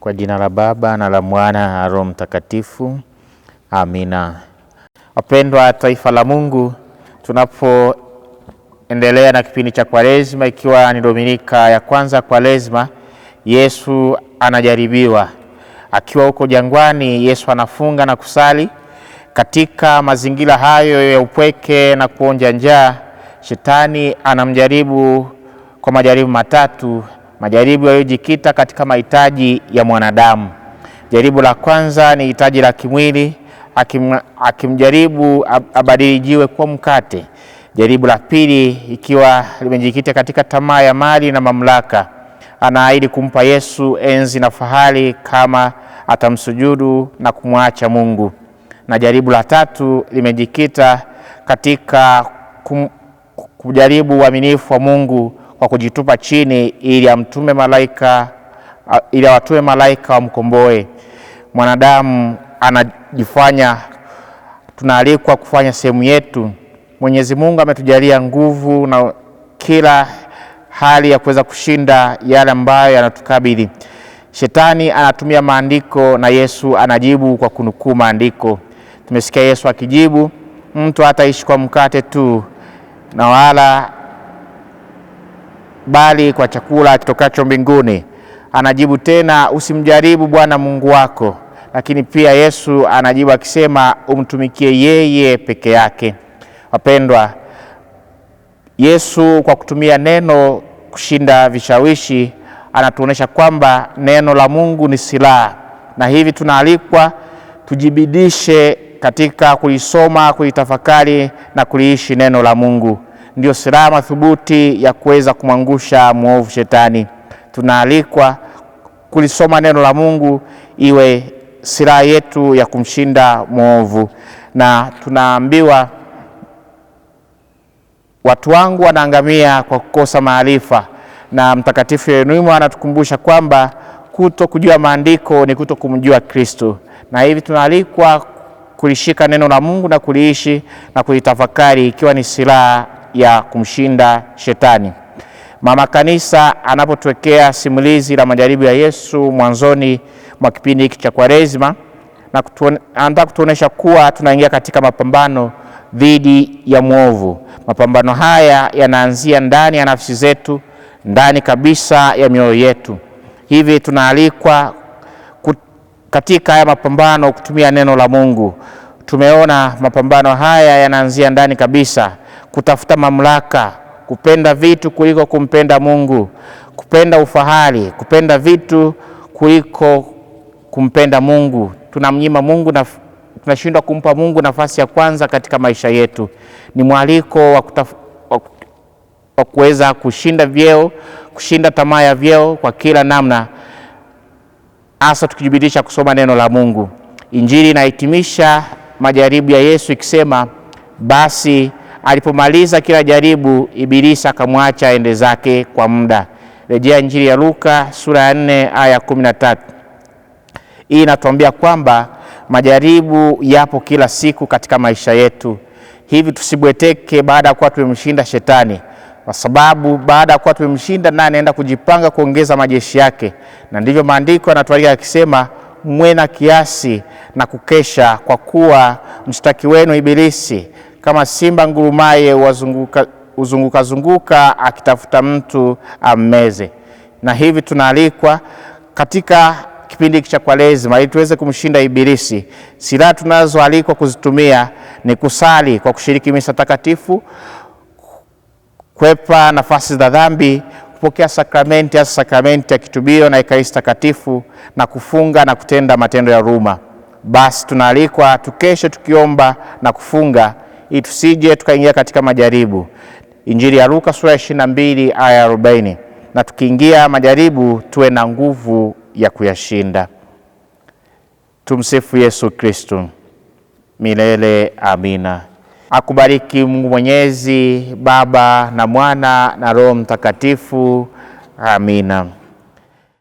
Kwa jina la Baba na la Mwana na Roho Mtakatifu, amina. Wapendwa taifa la Mungu, tunapoendelea na kipindi cha Kwaresma, ikiwa ni dominika ya kwanza Kwaresma, Yesu anajaribiwa akiwa huko jangwani. Yesu anafunga na kusali katika mazingira hayo ya upweke na kuonja njaa. Shetani anamjaribu kwa majaribu matatu majaribu yaliyojikita katika mahitaji ya mwanadamu. Jaribu la kwanza ni hitaji la kimwili, akim, akimjaribu abadili jiwe kwa mkate. Jaribu la pili ikiwa limejikita katika tamaa ya mali na mamlaka, anaahidi kumpa Yesu enzi na fahari kama atamsujudu na kumwacha Mungu. Na jaribu la tatu limejikita katika kum, kujaribu uaminifu wa Mungu kwa kujitupa chini ili amtume malaika ili awatume malaika wamkomboe mwanadamu. Anajifanya tunaalikwa kufanya sehemu yetu. Mwenyezi Mungu ametujalia nguvu na kila hali ya kuweza kushinda yale ambayo yanatukabili. Shetani anatumia maandiko na Yesu anajibu kwa kunukuu maandiko. Tumesikia Yesu akijibu, mtu hataishi kwa mkate tu na wala bali kwa chakula kitokacho mbinguni. Anajibu tena, usimjaribu Bwana Mungu wako. Lakini pia Yesu anajibu akisema, umtumikie yeye peke yake. Wapendwa, Yesu kwa kutumia neno kushinda vishawishi anatuonyesha kwamba neno la Mungu ni silaha, na hivi tunaalikwa tujibidishe katika kulisoma, kulitafakari na kuliishi neno la Mungu ndio silaha madhubuti ya kuweza kumwangusha mwovu shetani. Tunaalikwa kulisoma neno la Mungu iwe silaha yetu ya kumshinda mwovu, na tunaambiwa watu wangu wanaangamia kwa kukosa maarifa, na Mtakatifu Yeronimo anatukumbusha kwamba kuto kujua maandiko ni kuto kumjua Kristo, na hivi tunaalikwa kulishika neno la Mungu na kuliishi na kulitafakari ikiwa ni silaha ya kumshinda shetani. Mama Kanisa anapotuwekea simulizi la majaribu ya Yesu mwanzoni mwa kipindi hiki cha Kwaresima, na anataka kutuonyesha kuwa tunaingia katika mapambano dhidi ya mwovu. Mapambano haya yanaanzia ndani ya nafsi zetu, ndani kabisa ya mioyo yetu. Hivi tunaalikwa katika haya mapambano kutumia neno la Mungu. Tumeona mapambano haya yanaanzia ndani kabisa kutafuta mamlaka, kupenda vitu kuliko kumpenda Mungu, kupenda ufahari, kupenda vitu kuliko kumpenda Mungu. Tunamnyima Mungu na tunashindwa kumpa Mungu nafasi ya kwanza katika maisha yetu. Ni mwaliko wa kutaf... wa kuweza kushinda vyeo, kushinda tamaa ya vyeo kwa kila namna, hasa tukijibidisha kusoma neno la Mungu. Injili inahitimisha majaribu ya Yesu ikisema, basi Alipomaliza kila jaribu, Ibilisi akamwacha aende zake kwa muda. Rejea Injili ya Luka sura ya 4 aya 13. Hii inatuambia kwamba majaribu yapo kila siku katika maisha yetu, hivi tusibweteke baada ya kuwa tumemshinda Shetani, kwa sababu baada ya kuwa tumemshinda naye anaenda kujipanga kuongeza majeshi yake, na ndivyo maandiko yanatualika yakisema, mwe na kiasi na kukesha, kwa kuwa mshtaki wenu Ibilisi kama simba ngurumaye wazunguka uzunguka zunguka akitafuta mtu ammeze. Na hivi tunaalikwa katika kipindi cha Kwaresima ili tuweze kumshinda Ibilisi. Silaha tunazoalikwa kuzitumia ni kusali kwa kushiriki misa takatifu, kwepa nafasi za dhambi, kupokea sakramenti, hasa sakramenti ya kitubio na ekaristi takatifu, na kufunga na kutenda matendo ya huruma. Basi tunaalikwa tukeshe tukiomba na kufunga itusije tukaingia katika majaribu. Injili ya Luka sura ya 22 aya 40. Na tukiingia majaribu tuwe na nguvu ya kuyashinda. Tumsifu Yesu Kristo. Milele amina. Akubariki Mungu Mwenyezi, Baba na Mwana na Roho Mtakatifu. Amina.